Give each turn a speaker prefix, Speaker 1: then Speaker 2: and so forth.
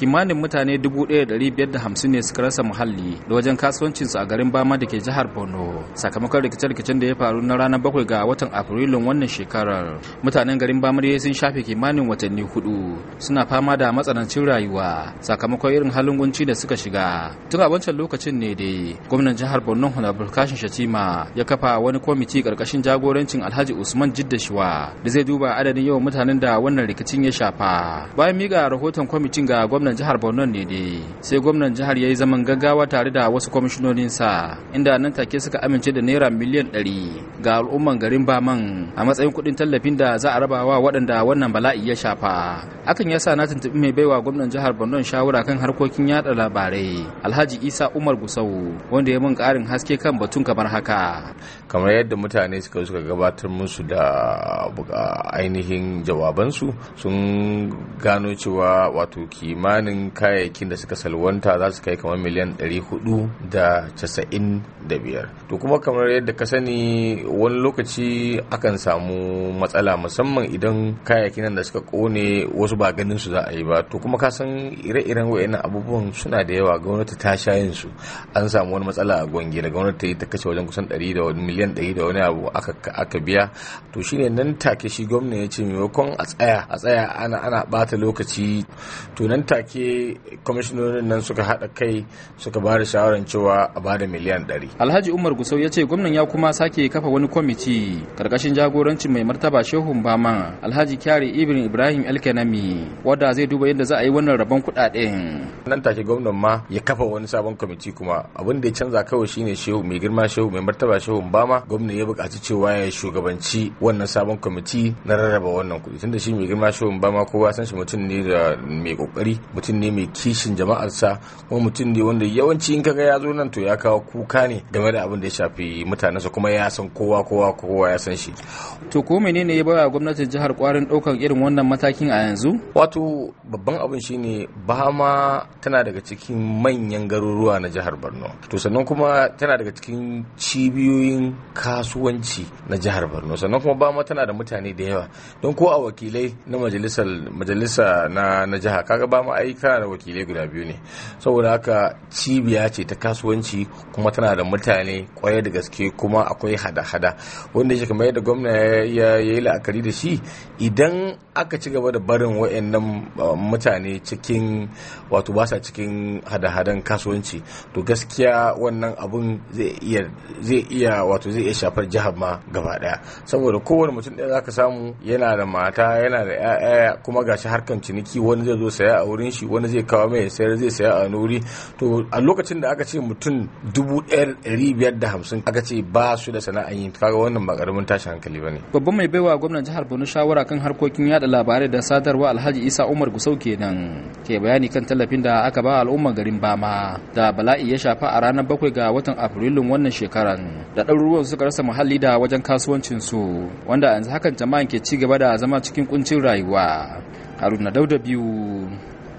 Speaker 1: kimanin mutane 1,550 ne suka rasa muhalli da wajen kasuwancinsu a garin bama da ke jihar borno sakamakon rikice-rikicen da ya faru na ranar bakwai ga watan afrilun wannan shekarar mutanen garin bama sun shafe kimanin watanni hudu suna fama da matsanancin rayuwa sakamakon irin halin gunci da suka shiga tun a wancan lokacin ne dai gwamnan jihar borno honorable kashin shatima ya kafa wani kwamiti karkashin jagorancin alhaji usman jiddashiwa da zai duba adadin yawan mutanen da wannan rikicin ya shafa bayan miƙa rahoton kwamitin ga gwamnan gwamnan jihar borno ne dai sai gwamnan jihar ya yi zaman gaggawa tare da wasu kwamishinoninsa inda nan take suka amince da naira miliyan ɗari ga al'umman garin baman a matsayin kuɗin tallafin da za a raba wa waɗanda wannan bala'i ya shafa hakan ya sa na tuntuɓi mai baiwa gwamnan jihar borno shawara kan harkokin yada labarai alhaji isa umar gusau wanda ya mun ƙarin haske kan batun kamar haka kamar yadda mutane suka suka gabatar musu
Speaker 2: da ainihin jawabansu sun gano cewa wato kima kimanin kayayyakin da suka salwanta za su kai kamar miliyan 495 to kuma kamar yadda ka sani wani lokaci akan samu matsala musamman idan kayayyakin nan da suka kone wasu ba ganin su za a yi ba to kuma ka san ire-iren wayannan abubuwan suna da yawa gwamnati ta sha yin su an samu wani matsala a gwangi da gwamnati ta yi ta kashe wajen kusan 100 da miliyan 100 da wani abu aka biya to shine nan take shi gwamnati ya ce maimakon a tsaya a tsaya ana ana bata lokaci to nan take
Speaker 1: take kwamishinonin nan suka hada kai suka ba da shawarar cewa a ba miliyan ɗari. alhaji umar gusau ya ce gwamnan ya kuma sake kafa wani kwamiti karkashin jagorancin mai martaba shehun bama alhaji kyari Ibrahim ibrahim elkanami wadda zai duba yadda za a yi wannan rabon kuɗaɗen. nan take gwamnan ma ya kafa wani sabon kwamiti kuma abin da ya canza kawai shine
Speaker 2: shehu mai girma shehu mai martaba shehun bama gwamnan ya buƙaci cewa ya shugabanci wannan sabon kwamiti na rarraba wannan kuɗi tunda shi mai girma shehun bama kowa san shi mutum ne da mai kokari mutum ne mai kishin jama'arsa kuma mutum ne wanda yawanci in kaga ya zo nan to ya kawo kuka ne
Speaker 1: game da abin da ya shafi mutanensa kuma ya san kowa kowa kowa ya san shi to ko menene ya bawa gwamnatin jihar kwarin daukan irin wannan matakin a yanzu wato babban abin shine
Speaker 2: bama tana daga cikin manyan garuruwa na jihar borno to sannan kuma tana daga cikin cibiyoyin kasuwanci na jihar borno sannan kuma bama tana da mutane da yawa don ko a wakilai na majalisar majalisa na na jiha kaga bama. ai da wakilai guda biyu ne saboda haka cibiya ce ta kasuwanci kuma tana da mutane kwaya da gaske kuma akwai hada-hada wanda shi kamar yadda gwamna ya yi la'akari da shi idan aka ci gaba da barin wayannan mutane cikin wato ba cikin hada-hadan kasuwanci to gaskiya wannan abun zai iya wato zai iya shafar jihar ma gaba daya saboda kowane mutum ɗaya zaka samu yana da mata yana da 'ya'ya kuma gashi harkan ciniki wani zai zo saya a wurin shi wani zai kawo mai sayar zai saya a nuri to a lokacin da aka ce mutum dubu
Speaker 1: aka ce ba su da sana'a yi kaga wannan ba karamin tashi hankali ba babban mai baiwa gwamnan jihar borno shawara kan harkokin yada labarai da sadarwa alhaji isa umar gusau kenan ke bayani kan tallafin da aka ba al'ummar garin bama da bala'i ya shafa a ranar bakwai ga watan afrilun wannan shekaran da ɗaruruwan suka rasa muhalli da wajen kasuwancin su wanda yanzu hakan jama'a ke ci gaba da zama cikin kuncin rayuwa haruna dauda biyu